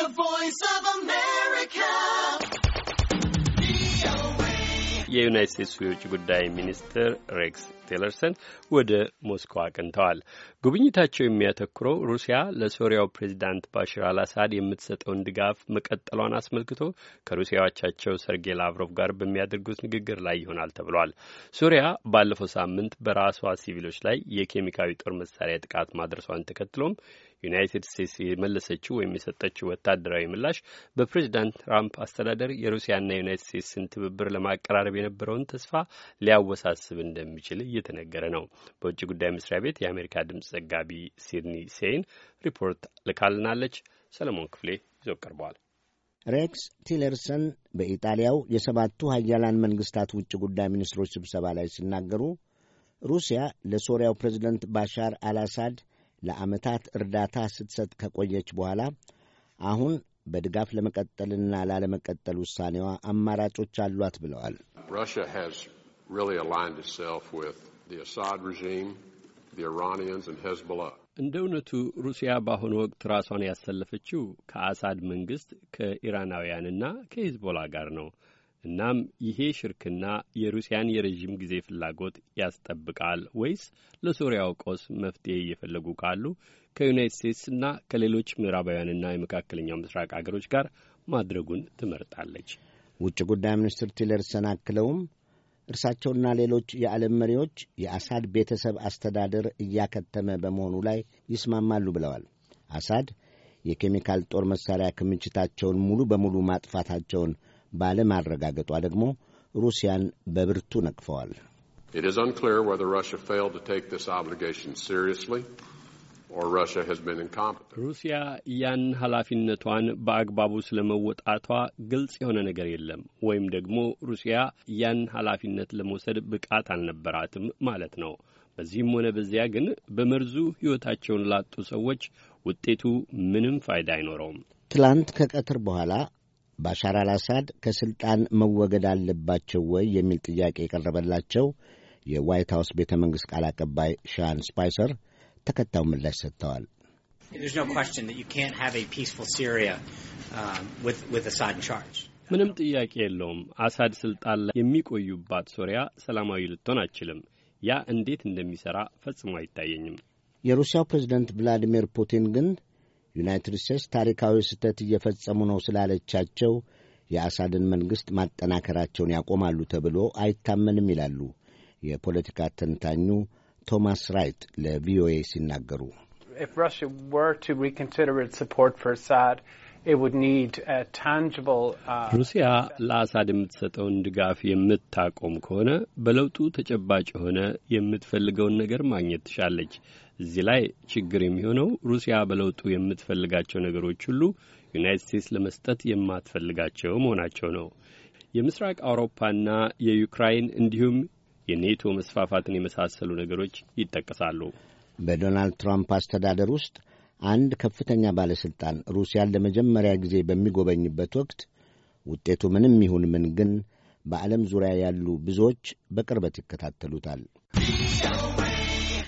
The Voice of America. የዩናይት ስቴትስ የውጭ ጉዳይ ሚኒስትር ሬክስ ቴለርሰን ወደ ሞስኮ አቅንተዋል። ጉብኝታቸው የሚያተኩረው ሩሲያ ለሶሪያው ፕሬዚዳንት ባሽር አልአሳድ የምትሰጠውን ድጋፍ መቀጠሏን አስመልክቶ ከሩሲያዎቻቸው ሰርጌይ ላቭሮቭ ጋር በሚያደርጉት ንግግር ላይ ይሆናል ተብሏል። ሶሪያ ባለፈው ሳምንት በራሷ ሲቪሎች ላይ የኬሚካዊ ጦር መሳሪያ ጥቃት ማድረሷን ተከትሎም ዩናይትድ ስቴትስ የመለሰችው ወይም የሰጠችው ወታደራዊ ምላሽ በፕሬዚዳንት ትራምፕ አስተዳደር የሩሲያና ዩናይትድ ስቴትስን ትብብር ለማቀራረብ የነበረውን ተስፋ ሊያወሳስብ እንደሚችል እየተነገረ ነው። በውጭ ጉዳይ መስሪያ ቤት የአሜሪካ ድምፅ ዘጋቢ ሲድኒ ሴይን ሪፖርት ልካልናለች። ሰለሞን ክፍሌ ይዞ ቀርበዋል። ሬክስ ቲለርሰን በኢጣሊያው የሰባቱ ሀያላን መንግስታት ውጭ ጉዳይ ሚኒስትሮች ስብሰባ ላይ ሲናገሩ ሩሲያ ለሶሪያው ፕሬዚደንት ባሻር አልአሳድ ለዓመታት እርዳታ ስትሰጥ ከቆየች በኋላ አሁን በድጋፍ ለመቀጠልና ላለመቀጠል ውሳኔዋ አማራጮች አሏት ብለዋል። እንደ እውነቱ ሩሲያ በአሁኑ ወቅት ራሷን ያሰለፈችው ከአሳድ መንግሥት ከኢራናውያንና ከሂዝቦላ ጋር ነው። እናም ይሄ ሽርክና የሩሲያን የረዥም ጊዜ ፍላጎት ያስጠብቃል ወይስ ለሶሪያው ቀውስ መፍትሄ እየፈለጉ ካሉ ከዩናይት ስቴትስና ከሌሎች ምዕራባውያንና የመካከለኛው ምስራቅ አገሮች ጋር ማድረጉን ትመርጣለች? ውጭ ጉዳይ ሚኒስትር ቲለርሰን አክለውም እርሳቸውና ሌሎች የዓለም መሪዎች የአሳድ ቤተሰብ አስተዳደር እያከተመ በመሆኑ ላይ ይስማማሉ ብለዋል። አሳድ የኬሚካል ጦር መሣሪያ ክምችታቸውን ሙሉ በሙሉ ማጥፋታቸውን ባለማረጋገጧ ደግሞ ሩሲያን በብርቱ ነቅፈዋል። ሩሲያ ያን ኃላፊነቷን በአግባቡ ስለመወጣቷ ግልጽ የሆነ ነገር የለም፣ ወይም ደግሞ ሩሲያ ያን ኃላፊነት ለመውሰድ ብቃት አልነበራትም ማለት ነው። በዚህም ሆነ በዚያ ግን በመርዙ ሕይወታቸውን ላጡ ሰዎች ውጤቱ ምንም ፋይዳ አይኖረውም። ትላንት ከቀትር በኋላ ባሻር አልአሳድ ከሥልጣን መወገድ አለባቸው ወይ የሚል ጥያቄ የቀረበላቸው የዋይት ሀውስ ቤተ መንግሥት ቃል አቀባይ ሻን ስፓይሰር ተከታዩ ምላሽ ሰጥተዋል። um, ምንም ጥያቄ የለውም። አሳድ ስልጣን ላይ የሚቆዩባት ሶሪያ ሰላማዊ ልትሆን አይችልም። ያ እንዴት እንደሚሠራ ፈጽሞ አይታየኝም። የሩሲያው ፕሬዝደንት ቭላዲሚር ፑቲን ግን ዩናይትድ ስቴትስ ታሪካዊ ስህተት እየፈጸሙ ነው ስላለቻቸው የአሳድን መንግሥት ማጠናከራቸውን ያቆማሉ ተብሎ አይታመንም ይላሉ የፖለቲካ ተንታኙ ቶማስ ራይት ለቪኦኤ ሲናገሩ Uh, ሩሲያ ለአሳድ የምትሰጠውን ድጋፍ የምታቆም ከሆነ በለውጡ ተጨባጭ የሆነ የምትፈልገውን ነገር ማግኘት ትሻለች። እዚህ ላይ ችግር የሚሆነው ሩሲያ በለውጡ የምትፈልጋቸው ነገሮች ሁሉ ዩናይት ስቴትስ ለመስጠት የማትፈልጋቸው መሆናቸው ነው። የምስራቅ አውሮፓና የዩክራይን እንዲሁም የኔቶ መስፋፋትን የመሳሰሉ ነገሮች ይጠቀሳሉ። በዶናልድ ትራምፕ አስተዳደር ውስጥ አንድ ከፍተኛ ባለሥልጣን ሩሲያን ለመጀመሪያ ጊዜ በሚጎበኝበት ወቅት ውጤቱ ምንም ይሁን ምን ግን በዓለም ዙሪያ ያሉ ብዙዎች በቅርበት ይከታተሉታል።